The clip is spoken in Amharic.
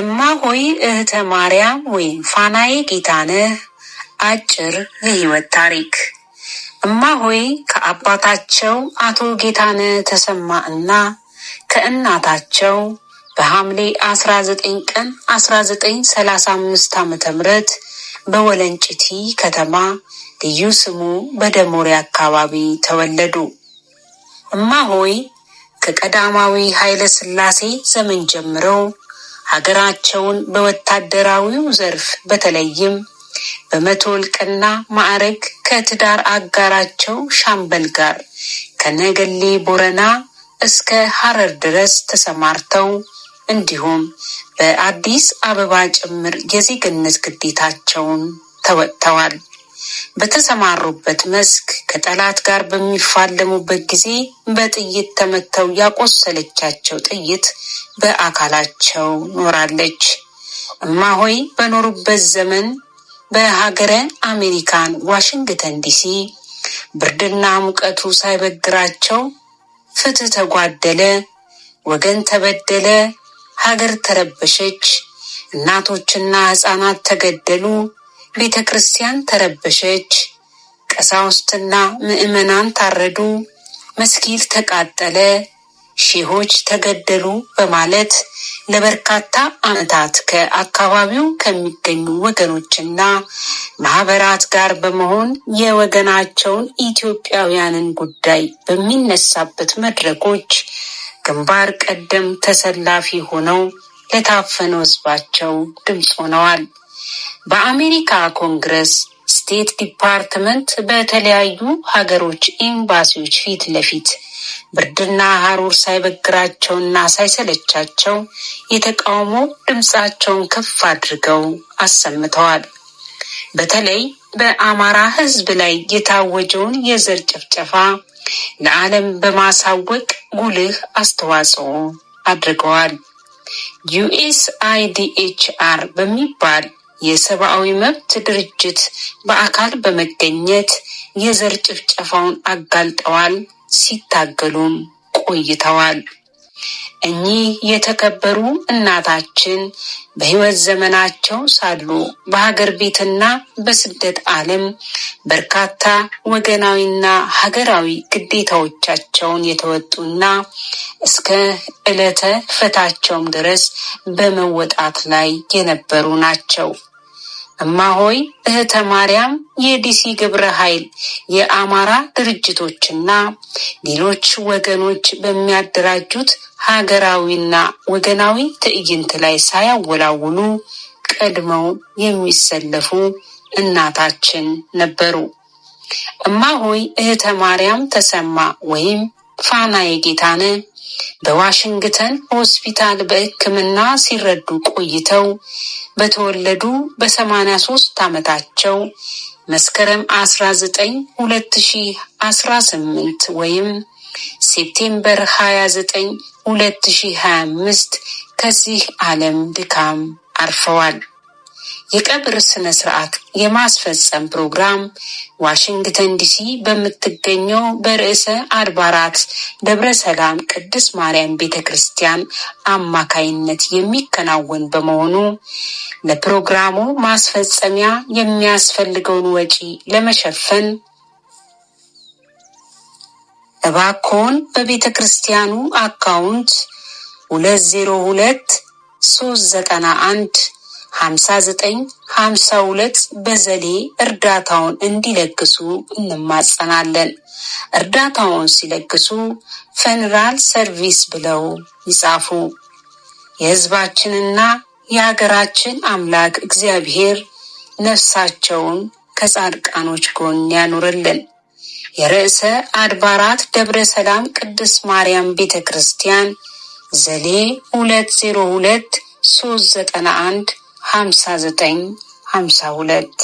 እማ ሆይ እህተ ማርያም ወይም ፋናዬ ጌታነህ አጭር የህይወት ታሪክ እማ ሆይ ከአባታቸው አቶ ጌታነህ ተሰማ እና ከእናታቸው በሐምሌ 19 ቀን 1935 ዓ.ም በወለንጭቲ ከተማ ልዩ ስሙ በደሞሪ አካባቢ ተወለዱ። እማሆይ ከቀዳማዊ ኃይለ ሥላሴ ዘመን ጀምረው ሀገራቸውን በወታደራዊው ዘርፍ በተለይም በመቶልቅና ማዕረግ ከትዳር አጋራቸው ሻምበል ጋር ከነገሌ ቦረና እስከ ሐረር ድረስ ተሰማርተው እንዲሁም በአዲስ አበባ ጭምር የዜግነት ግዴታቸውን ተወጥተዋል። በተሰማሩበት መስክ ከጠላት ጋር በሚፋለሙበት ጊዜ በጥይት ተመተው ያቆሰለቻቸው ጥይት በአካላቸው ኖራለች። እማሆይ በኖሩበት ዘመን በሀገረ አሜሪካን ዋሽንግተን ዲሲ ብርድና ሙቀቱ ሳይበግራቸው ፍትህ ተጓደለ፣ ወገን ተበደለ፣ ሀገር ተረበሸች፣ እናቶችና ሕፃናት ተገደሉ ቤተ ክርስቲያን ተረበሸች። ቀሳውስትና ምዕመናን ታረዱ፣ መስጊድ ተቃጠለ፣ ሺዎች ተገደሉ በማለት ለበርካታ ዓመታት ከአካባቢው ከሚገኙ ወገኖችና ማህበራት ጋር በመሆን የወገናቸውን ኢትዮጵያውያንን ጉዳይ በሚነሳበት መድረኮች ግንባር ቀደም ተሰላፊ ሆነው ለታፈነው ሕዝባቸው ድምፅ ሆነዋል። በአሜሪካ ኮንግረስ፣ ስቴት ዲፓርትመንት፣ በተለያዩ ሀገሮች ኤምባሲዎች ፊት ለፊት ብርድና ሀሩር ሳይበግራቸውና ሳይሰለቻቸው የተቃውሞ ድምፃቸውን ከፍ አድርገው አሰምተዋል። በተለይ በአማራ ሕዝብ ላይ የታወጀውን የዘር ጭፍጨፋ ለዓለም በማሳወቅ ጉልህ አስተዋጽኦ አድርገዋል። ዩኤስአይዲ.ኤችአር በሚባል የሰብአዊ መብት ድርጅት በአካል በመገኘት የዘር ጭፍጨፋውን አጋልጠዋል፣ ሲታገሉም ቆይተዋል። እኚህ የተከበሩ እናታችን በሕይወት ዘመናቸው ሳሉ በሀገር ቤትና በስደት ዓለም በርካታ ወገናዊና ሀገራዊ ግዴታዎቻቸውን የተወጡና እስከ ዕለተ ፈታቸውም ድረስ በመወጣት ላይ የነበሩ ናቸው። እማሆይ እህተ ማርያም የዲሲ ግብረ ኃይል የአማራ ድርጅቶችና ሌሎች ወገኖች በሚያደራጁት ሀገራዊና ወገናዊ ትዕይንት ላይ ሳያወላውሉ ቀድመው የሚሰለፉ እናታችን ነበሩ። እማሆይ እህተ ማርያም ተሰማ ወይም ፋናዬ ጌታነህ በዋሽንግተን ሆስፒታል በሕክምና ሲረዱ ቆይተው በተወለዱ በ ሶስት ዓመታቸው መስከረም 19 2018 ወይም ሴፕቴምበር 29 2025 ከዚህ ዓለም ድካም አርፈዋል። የቀብር ስነ ስርዓት የማስፈጸም ፕሮግራም ዋሽንግተን ዲሲ በምትገኘው በርዕሰ አድባራት ደብረ ሰላም ቅድስት ማርያም ቤተ ክርስቲያን አማካይነት የሚከናወን በመሆኑ ለፕሮግራሙ ማስፈጸሚያ የሚያስፈልገውን ወጪ ለመሸፈን እባክዎን በቤተ ክርስቲያኑ አካውንት ሁለት ዜሮ ሁለት ሶስት ዘጠና አንድ ሀምሳ ዘጠኝ ሀምሳ ሁለት በዘሌ እርዳታውን እንዲለግሱ እንማጸናለን። እርዳታውን ሲለግሱ ፌኔራል ሰርቪስ ብለው ይጻፉ። የሕዝባችንና የሀገራችን አምላክ እግዚአብሔር ነፍሳቸውን ከጻድቃኖች ጎን ያኑርልን። የርዕሰ አድባራት ደብረ ሰላም ቅድስት ማርያም ቤተ ክርስቲያን ዘሌ ሁለት ዜሮ ሁለት ሶስት ዘጠና አንድ ሀምሳ ዘጠኝ ሀምሳ ሁለት